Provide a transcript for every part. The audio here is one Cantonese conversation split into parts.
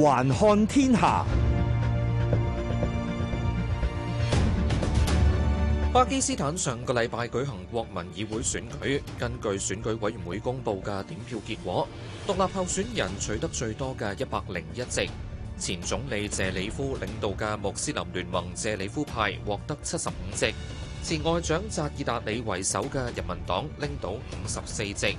環看天下。巴基斯坦上個禮拜舉行國民議會選舉，根據選舉委員會公布嘅點票結果，獨立候選人取得最多嘅一百零一席。前總理謝里夫領導嘅穆斯林聯盟謝里夫派獲得七十五席，前外長扎爾達里為首嘅人民黨拎到五十四席。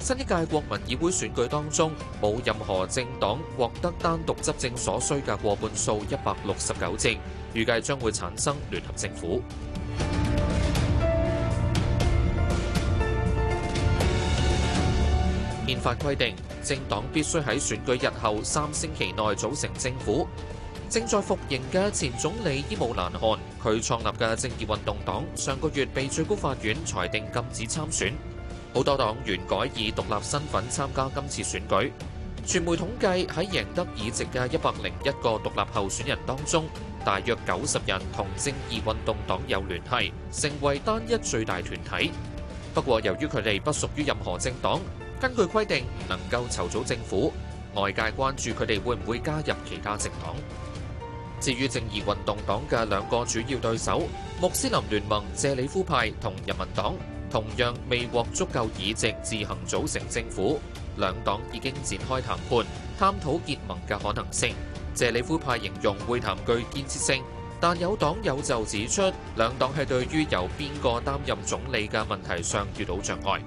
新一屆國民議會選舉當中，冇任何政黨獲得單獨執政所需嘅過半數一百六十九席，預計將會產生聯合政府。憲 法規定，政黨必須喺選舉日後三星期內組成政府。正在服刑嘅前總理伊姆蘭汗，佢創立嘅正義運動黨，上個月被最高法院裁定禁止參選。好多黨員改以獨立身份參加今次選舉。傳媒統計喺贏得議席嘅一百零一個獨立候選人當中，大約九十人同正義運動黨有聯繫，成為單一最大團體。不過，由於佢哋不屬於任何政黨，根據規定唔能夠籌組政府，外界關注佢哋會唔會加入其他政黨。至於正義運動黨嘅兩個主要對手，穆斯林聯盟、謝里夫派同人民黨，同樣未獲足夠議席自行組成政府，兩黨已經展開談判，探討結盟嘅可能性。謝里夫派形容會談具建設性，但有黨友就指出，兩黨係對於由邊個擔任總理嘅問題上遇到障礙。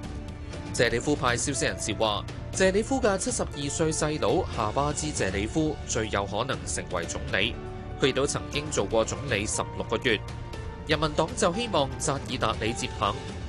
謝里夫派消息人士話，謝里夫嘅七十二歲細佬夏巴茲謝里夫最有可能成為總理，佢亦都曾經做過總理十六個月。人民黨就希望扎爾達里接棒。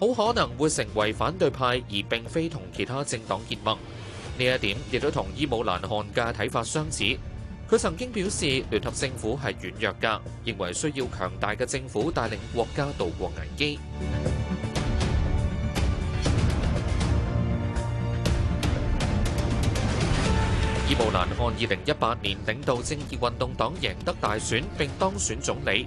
好可能會成為反對派，而並非同其他政黨結盟。呢一點亦都同伊姆蘭汗嘅睇法相似。佢曾經表示，聯合政府係軟弱㗎，認為需要強大嘅政府帶領國家渡過危機。伊姆蘭汗二零一八年領導正義運動黨贏得大選並當選總理。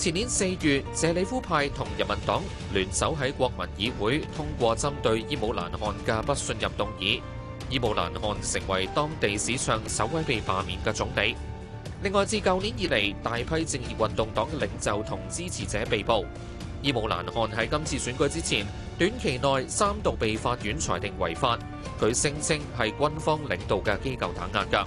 前年四月，謝里夫派同人民黨聯手喺國民議會通過針對伊姆蘭汗嘅不信任動議，伊姆蘭汗成為當地史上首位被罷免嘅總理。另外，自舊年以嚟，大批正義運動黨領袖同支持者被捕。伊姆蘭汗喺今次選舉之前，短期內三度被法院裁定違法。佢聲稱係軍方領導嘅機構打壓嘅。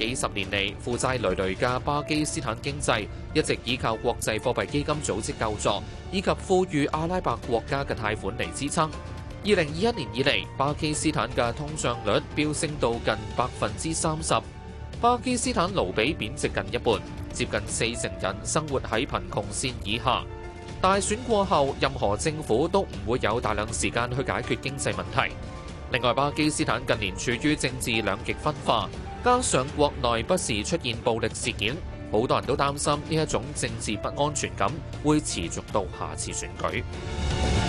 幾十年嚟負債累累嘅巴基斯坦經濟一直依靠國際貨幣基金組織救助，以及富裕阿拉伯國家嘅貸款嚟支撐。二零二一年以嚟，巴基斯坦嘅通脹率飆升到近百分之三十，巴基斯坦盧比貶值近一半，接近四成人生活喺貧窮綫以下。大選過後，任何政府都唔會有大量時間去解決經濟問題。另外，巴基斯坦近年處於政治兩極分化。加上國內不時出現暴力事件，好多人都擔心呢一種政治不安全感會持續到下次選舉。